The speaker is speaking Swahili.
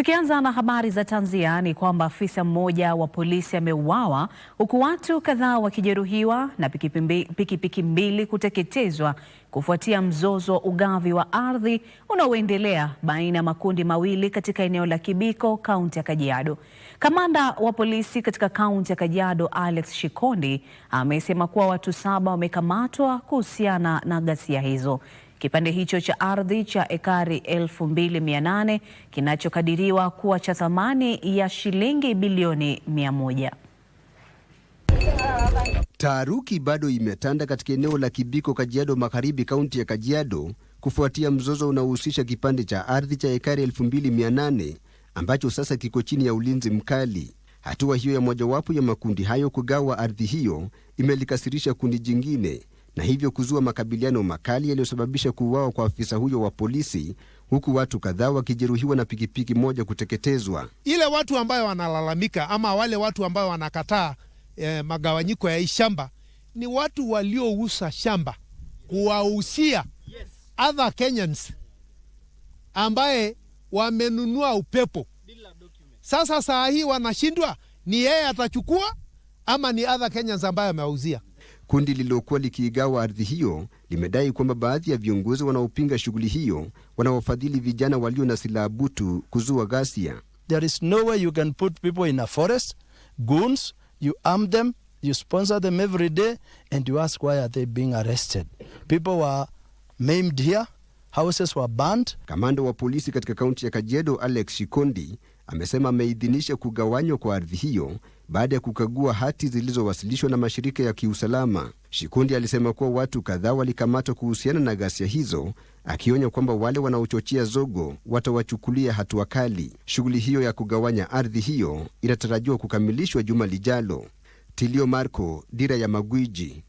Tukianza na habari za tanzia ni kwamba afisa mmoja wa polisi ameuawa huku watu kadhaa wakijeruhiwa na pikipiki piki mbili kuteketezwa kufuatia mzozo wa ugavi wa ardhi unaoendelea baina ya makundi mawili katika eneo la Kibiko, kaunti ya Kajiado. Kamanda wa polisi katika kaunti ya Kajiado, Alex Shikondi, amesema kuwa watu saba wamekamatwa kuhusiana na ghasia hizo. Kipande hicho cha ardhi cha ekari 2800 kinachokadiriwa kuwa cha thamani ya shilingi bilioni 100. Taharuki bado imetanda katika eneo la Kibiko, Kajiado Magharibi, kaunti ya Kajiado, kufuatia mzozo unaohusisha kipande cha ardhi cha ekari 2800 ambacho sasa kiko chini ya ulinzi mkali. Hatua hiyo ya mojawapo ya makundi hayo kugawa ardhi hiyo imelikasirisha kundi jingine na hivyo kuzua makabiliano makali yaliyosababisha kuuawa kwa afisa huyo wa polisi, huku watu kadhaa wakijeruhiwa na pikipiki moja kuteketezwa. Ile watu ambayo wanalalamika ama wale watu ambayo wanakataa eh, magawanyiko ya hii shamba ni watu waliouza shamba kuwahusia other Kenyans ambaye wamenunua upepo. Sasa saa hii wanashindwa, ni yeye atachukua ama ni other Kenyans ambaye amewauzia. Kundi lililokuwa likiigawa ardhi hiyo limedai kwamba baadhi ya viongozi wanaopinga shughuli hiyo wanawafadhili vijana walio na silaha butu kuzua ghasia. There is no way you can put people in a forest goons you arm them you sponsor them every day and you ask why are they being arrested people were maimed here houses were burnt. Kamanda wa polisi katika kaunti ya Kajiado Alex Shikondi amesema ameidhinisha kugawanywa kwa ardhi hiyo baada ya kukagua hati zilizowasilishwa na mashirika ya kiusalama. Shikundi alisema kuwa watu kadhaa walikamatwa kuhusiana na ghasia hizo, akionya kwamba wale wanaochochea zogo watawachukulia hatua kali. Shughuli hiyo ya kugawanya ardhi hiyo inatarajiwa kukamilishwa juma lijalo. Tilio Marco, Dira ya Magwiji,